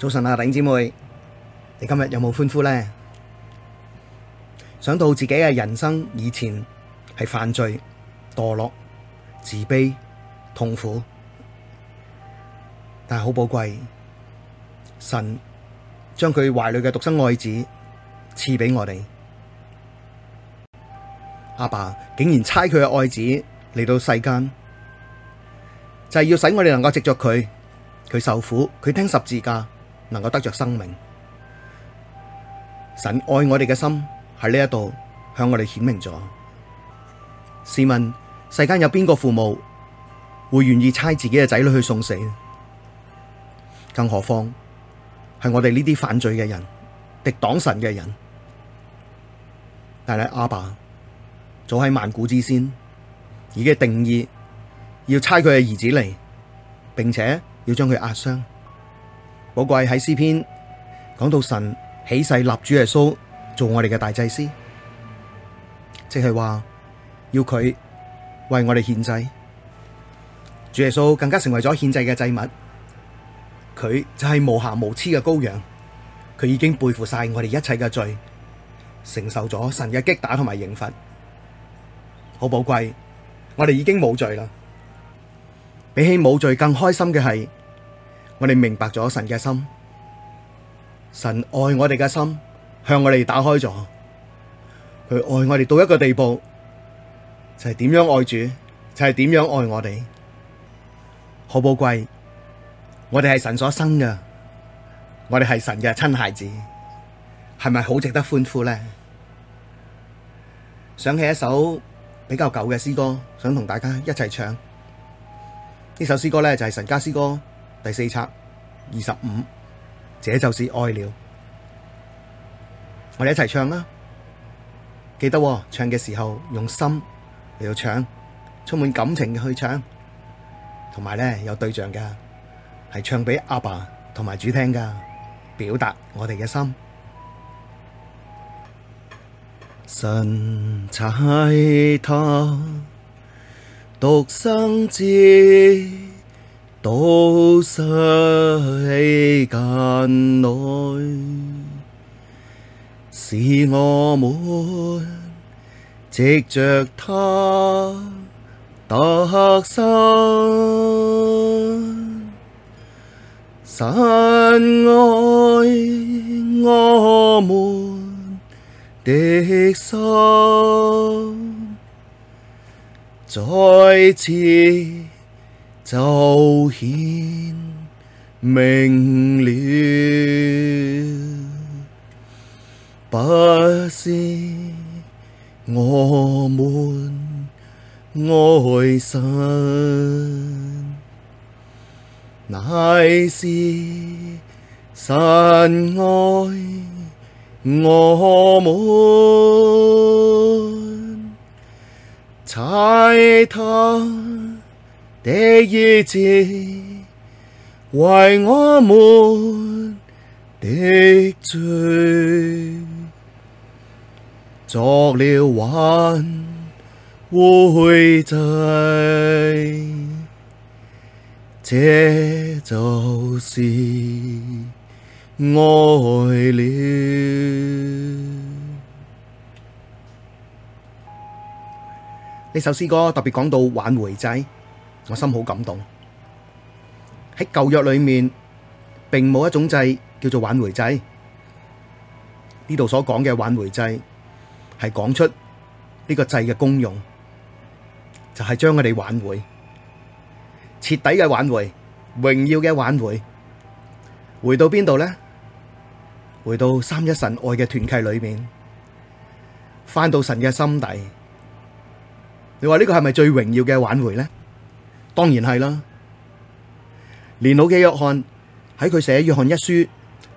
早晨啊，弟兄姊妹，你今日有冇歡呼呢？想到自己嘅人生以前係犯罪、墮落、自卑、痛苦，但係好寶貴，神將佢懷裏嘅獨生愛子賜畀我哋。阿爸竟然差佢嘅愛子嚟到世間，就係、是、要使我哋能夠藉著佢，佢受苦，佢聽十字架。能夠得着生命，神愛我哋嘅心喺呢一度向我哋顯明咗。試問世間有邊個父母會願意差自己嘅仔女去送死？更何況係我哋呢啲犯罪嘅人，敵擋神嘅人。但係阿爸早喺萬古之先已經定義，要差佢嘅兒子嚟，並且要將佢壓傷。寶貴喺詩篇講到神起誓立主耶穌做我哋嘅大祭司，即係話要佢為我哋獻祭，主耶穌更加成為咗獻祭嘅祭物，佢就係無瑕無疵嘅羔羊，佢已經背負晒我哋一切嘅罪，承受咗神嘅擊打同埋刑罰。好寶貴，我哋已經冇罪啦，比起冇罪更開心嘅係。我哋明白咗神嘅心，神愛我哋嘅心向我哋打開咗，佢愛我哋到一個地步，就係點樣愛主，就係點樣愛我哋，好寶貴。我哋係神所生嘅，我哋係神嘅親孩子，係咪好值得歡呼咧？想起一首比較舊嘅詩歌，想同大家一齊唱呢首詩歌咧，就係神家詩歌。第四冊二十五，這就是愛了。我哋一齊唱啦，記得喎，唱嘅時候用心嚟到唱，充滿感情嘅去唱，同埋呢，有對象噶係唱畀阿爸同埋主聽噶，表達我哋嘅心。神差祂獨生子。到世間來，使我們藉着祂得生，神愛我們的心，在此。就顯明了，不是我們愛神，乃是神愛我們，差他。第二次為我們的罪作了挽回祭，這就是愛了。呢首詩歌特別講到挽回祭。我心好感動。喺舊約裏面，並冇一種祭叫做挽回祭。呢度所講嘅挽回祭，係講出呢個祭嘅功用，就係將佢哋挽回，徹底嘅挽回，榮耀嘅挽回，回到邊度呢？回到三一神愛嘅團契裏面，翻到神嘅心底。你話呢個係咪最榮耀嘅挽回呢？當然係啦，啊，年老嘅約翰喺佢寫《約翰一書》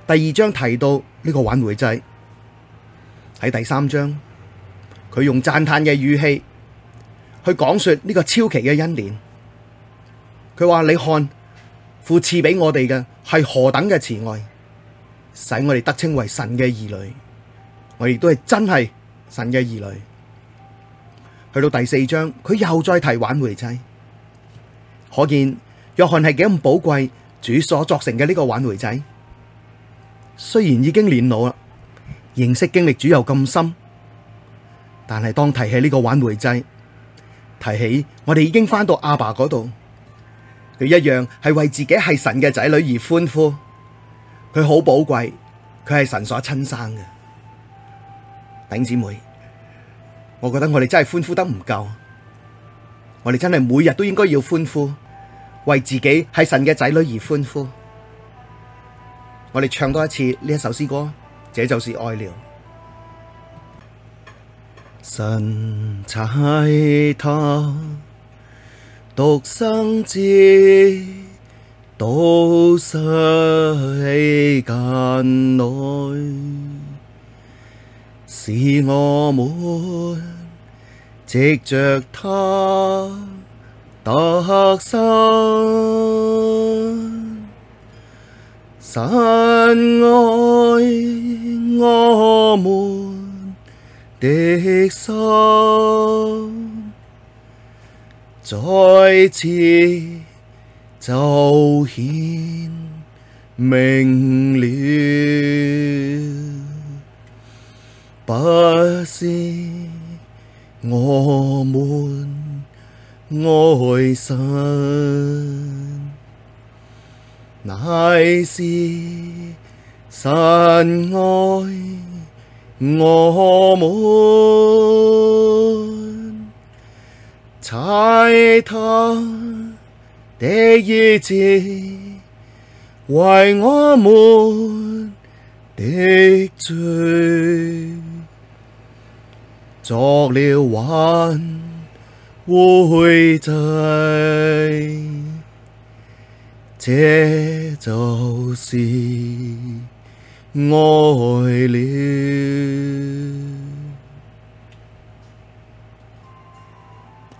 第二章提到呢個挽回祭，喺第三章佢用讚嘆嘅語氣去講說呢個超奇嘅恩典。佢話：你看父賜俾我哋嘅係何等嘅慈愛，使我哋得稱為神嘅兒女。我亦都係真係神嘅兒女。去到第四章，佢又再提挽回祭。可見約翰係幾咁寶貴，主所作成嘅呢個挽回祭。雖然已經年老啦，認識經歷主又咁深，但係當提起呢個挽回祭，提起我哋已經翻到阿爸嗰度，佢一樣係為自己係神嘅仔女而歡呼，佢好寶貴，佢係神所親生嘅。頂姊妹，我覺得我哋真係歡呼得唔夠。我哋真係每日都應該要歡呼，為自己係神嘅仔女而歡呼。我哋唱多一次呢一首詩歌，這就是愛了。神差他獨生子到世間來，使我們。藉著他得生，神愛我們的心，在此就顯明了，不是。我們愛神，乃是神愛我們，差祂的兒子為我們的罪。作了挽回祭，這就是愛了。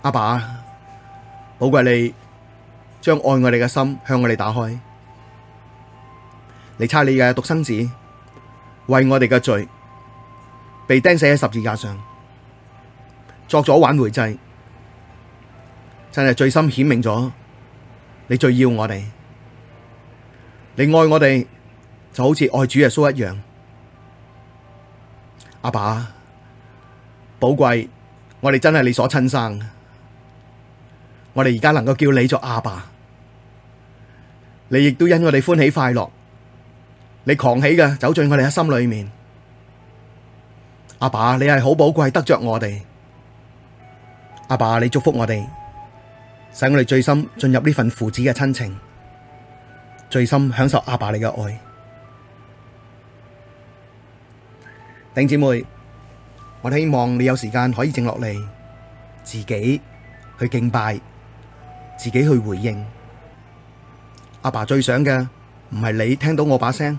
阿爸，爸，寶貴你將愛我哋嘅心向我哋打開，你差你嘅獨生子為我哋嘅罪被釘死喺十字架上。作咗挽回祭，真係最深顯明咗，你最要我哋，你愛我哋就好似愛主耶穌一樣。阿爸寶貴，我哋真係你所親生，我哋而家能夠叫你做阿爸，爸，你亦都因我哋歡喜快樂，你狂喜嘅走進我哋嘅心裏面，阿爸，爸，你係好寶貴得着我哋。阿爸，你祝福我哋，使我哋最深進入呢份父子嘅親情，最深享受阿爸你嘅愛。頂姐妹，我希望你有時間可以靜落嚟，自己去敬拜，自己去回應。阿爸最想嘅唔係你聽到我把聲，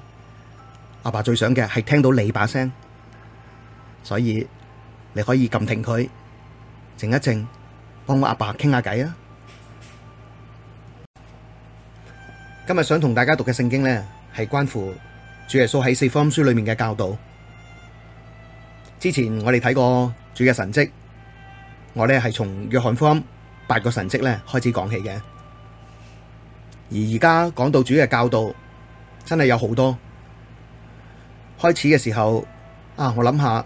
阿爸最想嘅係聽到你把聲，所以你可以撳停佢。靜一靜，幫我阿爸傾下偈啊！今日想同大家讀嘅聖經呢，係關乎主耶穌喺四福音書裏面嘅教導。之前我哋睇過主嘅神蹟，我呢係從約翰福音八個神蹟咧開始講起嘅。而而家講到主嘅教導，真係有好多。開始嘅時候啊，我諗下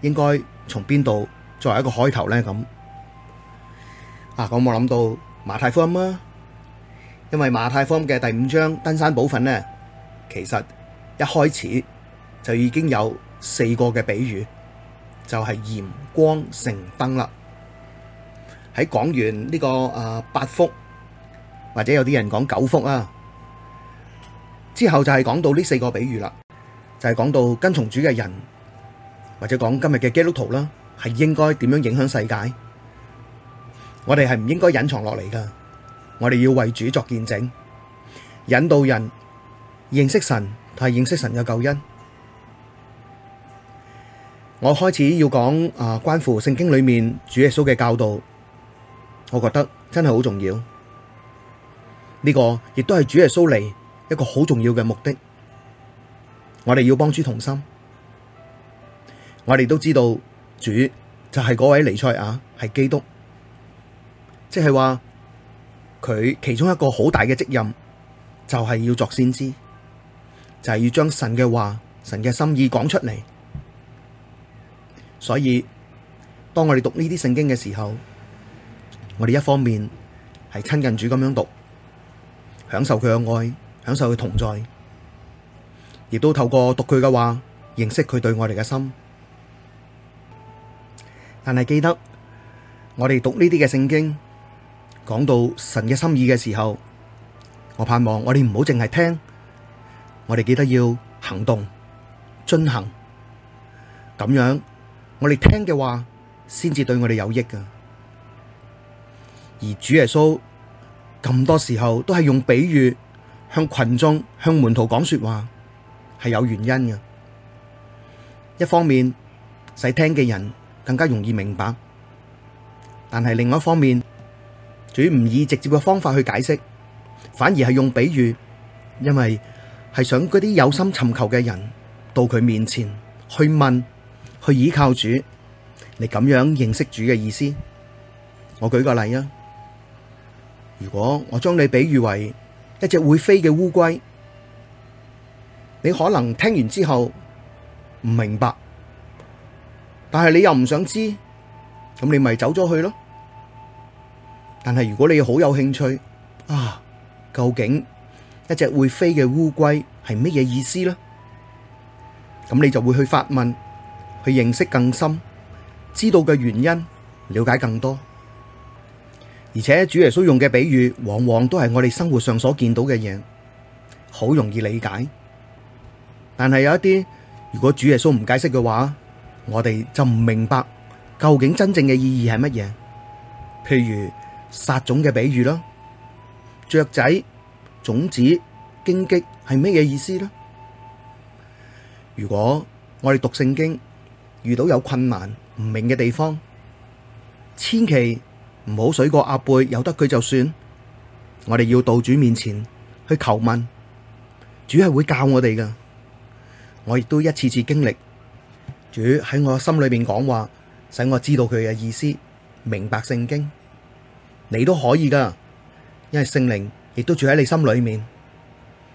應該從邊度？作為一個開頭呢，咁，啊，咁我諗到馬太福音啦，因為馬太福音嘅第五章登山寶訓呢，其實一開始就已經有四個嘅比喻，就係、是、鹽光城燈啦。喺講完呢、這個啊八福，或者有啲人講九福啊，之後就係講到呢四個比喻啦，就係、是、講到跟從主嘅人，或者講今日嘅基督徒啦。係應該點樣影響世界？我哋係唔應該隱藏落嚟㗎，我哋要為主作見證，引導人認識神同係認識神嘅救恩。我開始要講啊、呃，關乎聖經裏面主耶穌嘅教導，我覺得真係好重要。呢個亦都係主耶穌嚟一個好重要嘅目的。我哋要幫主同心，我哋都知道。主就係嗰位彌賽亞，係基督，即係話佢其中一個好大嘅職任，就係要作先知，就係要將神嘅話、神嘅心意講出嚟。所以，當我哋讀呢啲聖經嘅時候，我哋一方面係親近主咁樣讀，享受佢嘅愛，享受佢同在，亦都透過讀佢嘅話，認識佢對我哋嘅心。但係記得，我哋讀呢啲嘅聖經，講到神嘅心意嘅時候，我盼望我哋唔好淨係聽，我哋記得要行動、進行，咁樣我哋聽嘅話先至對我哋有益噶。而主耶穌咁多時候都係用比喻向群眾、向門徒講說話，係有原因嘅。一方面使聽嘅人。更加容易明白，但係另外一方面，主唔以直接嘅方法去解釋，反而係用比喻，因為係想嗰啲有心尋求嘅人到佢面前去問，去依靠主，你咁樣認識主嘅意思。我舉個例啊，如果我將你比喻為一隻會飛嘅烏龜，你可能聽完之後唔明白，但係你又唔想知，咁你咪走咗去咯。但係如果你好有興趣啊，究竟一隻會飛嘅烏龜係乜嘢意思呢？咁你就會去發問，去認識更深，知道嘅原因，了解更多。而且主耶穌用嘅比喻，往往都係我哋生活上所見到嘅嘢，好容易理解。但係有一啲，如果主耶穌唔解釋嘅話，我哋就唔明白究竟真正嘅意義係乜嘢。譬如殺種嘅比喻啦，雀仔、種子、荊棘係咩嘢意思咧？如果我哋讀聖經遇到有困難唔明嘅地方，千祈唔好水過鴨背，由得佢就算。我哋要到主面前去求問，主係會教我哋噶。我亦都一次次經歷。主喺我心裏面講話，使我知道佢嘅意思，明白聖經。你都可以噶，因為聖靈亦都住喺你心裏面。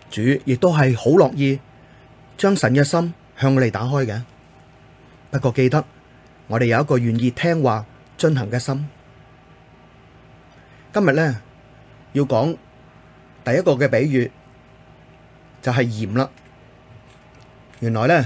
主亦都係好樂意將神嘅心向我哋打開嘅。不過記得，我哋有一個願意聽話進行嘅心。今日呢，要講第一個嘅比喻，就係鹽啦。原來呢。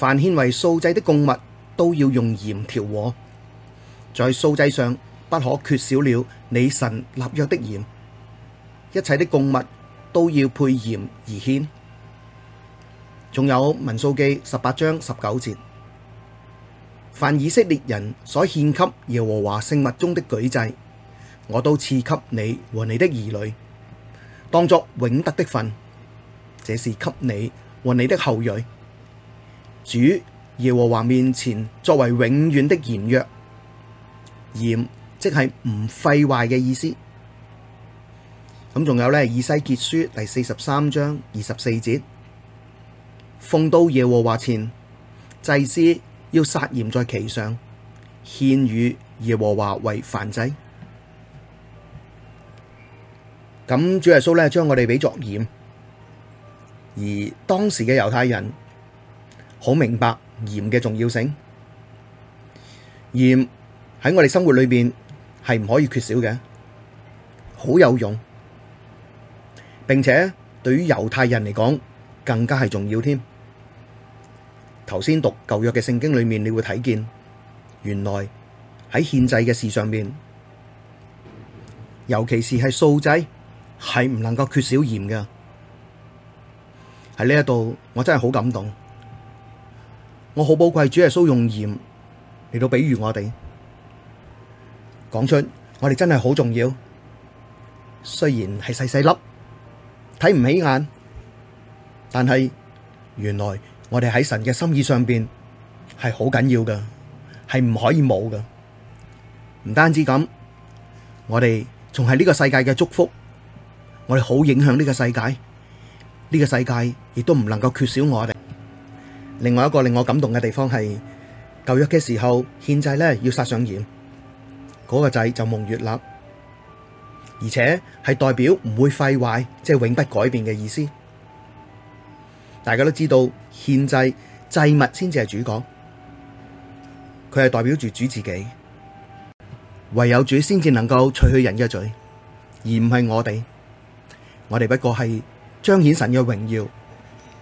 凡獻為素祭的供物，都要用鹽調和，在素祭上不可缺少了你神立約的鹽。一切的供物都要配鹽而獻。仲有民數記十八章十九節，凡以色列人所獻給耶和華聖物中的舉祭，我都賜給你和你的兒女，當作永得的份。這是給你和你的後裔。主耶和華面前作為永遠的鹽約，鹽即係唔廢壞嘅意思。咁仲有呢，《以西結書》第四十三章二十四節，「奉到耶和華前，祭司要撒鹽在其上，獻與耶和華為燔祭。」咁主耶穌呢，將我哋俾作鹽，而當時嘅猶太人。好明白鹽嘅重要性，鹽喺我哋生活裏邊係唔可以缺少嘅，好有用，並且對於猶太人嚟講更加係重要添。頭先讀舊約嘅聖經裏面，你會睇見原來喺獻祭嘅事上面，尤其是係素祭係唔能夠缺少鹽嘅。喺呢一度，我真係好感動。我好寶貴，主耶穌用鹽嚟到比喻我哋，講出我哋真係好重要。雖然係細細粒，睇唔起眼，但係原來我哋喺神嘅心意上邊係好緊要嘅，係唔可以冇嘅。唔單止咁，我哋仲係呢個世界嘅祝福，我哋好影響呢個世界，呢個世界亦都唔能夠缺少我哋。另外一個令我感動嘅地方係舊約嘅時候獻祭咧，要撒上鹽，嗰個祭就蒙悅納，而且係代表唔會廢壞，即係永不改變嘅意思。大家都知道獻祭祭物先至係主角，佢係代表住主自己，唯有主先至能夠除去人嘅罪，而唔係我哋。我哋不過係彰顯神嘅榮耀，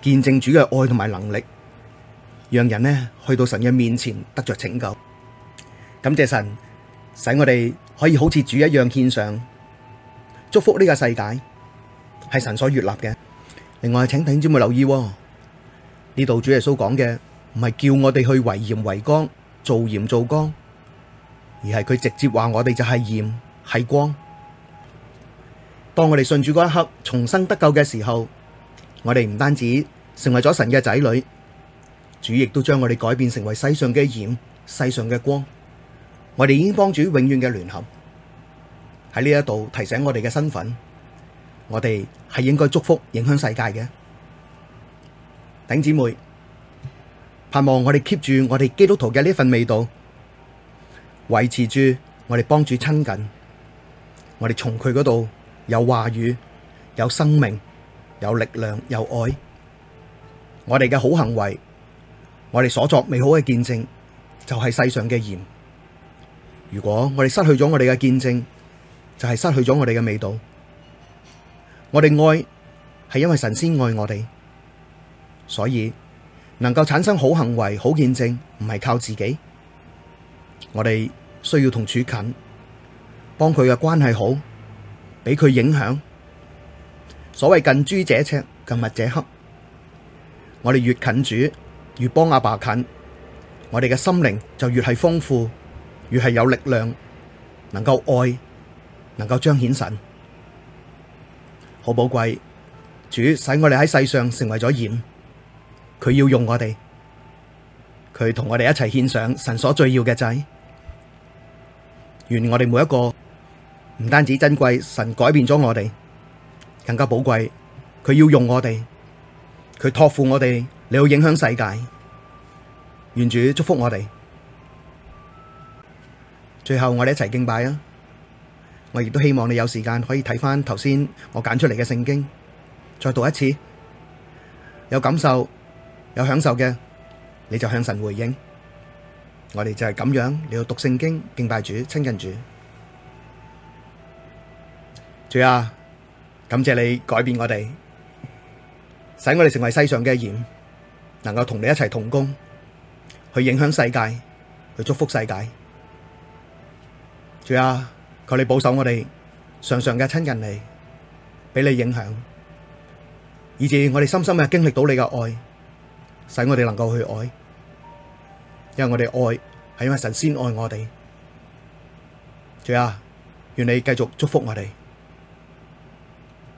見證主嘅愛同埋能力。讓人咧去到神嘅面前得着拯救，感謝神使我哋可以好似主一樣獻上，祝福呢個世界係神所悦納嘅。另外，請弟兄姊妹留意，呢度主耶穌講嘅唔係叫我哋去為鹽為光做鹽做光，而係佢直接話我哋就係鹽係光。當我哋信主嗰一刻重生得救嘅時候，我哋唔單止成為咗神嘅仔女。主亦都將我哋改變成為世上嘅鹽、世上嘅光。我哋已經幫主永遠嘅聯合，喺呢一度提醒我哋嘅身份，我哋係應該祝福、影響世界嘅。頂姊妹，盼望我哋 Keep 住我哋基督徒嘅呢一份味道，維持住我哋幫主親近，我哋從佢嗰度有話語、有生命、有力量、有愛，我哋嘅好行為。我哋所作美好嘅見證，就係世上嘅鹽。如果我哋失去咗我哋嘅見證，就係失去咗我哋嘅味道。我哋愛係因為神先愛我哋，所以能夠產生好行為、好見證，唔係靠自己。我哋需要同主近，幫佢嘅關係好，俾佢影響。所謂近朱者赤，近墨者黑。我哋越近主。越幫阿爸爸近，我哋嘅心靈就越係豐富，越係有力量，能夠愛，能夠彰顯神，好寶貴。主使我哋喺世上成為咗鹽，佢要用我哋，佢同我哋一齊獻上神所最要嘅仔。願我哋每一個唔單止珍貴，神改變咗我哋，更加寶貴。佢要用我哋，佢托付我哋。你要影響世界，願主祝福我哋。最後我哋一齊敬拜啊！我亦都希望你有時間可以睇翻頭先我揀出嚟嘅聖經，再讀一次，有感受、有享受嘅，你就向神回應。我哋就係咁樣，你要讀聖經、敬拜主、親近主。主啊，感謝你改變我哋，使我哋成為世上嘅鹽。能夠同你一齊同工，去影響世界，去祝福世界。主啊，求你保守我哋，常常嘅親近你，俾你影響，以致我哋深深嘅經歷到你嘅愛，使我哋能夠去愛，因為我哋愛係因為神先愛我哋。主啊，願你繼續祝福我哋。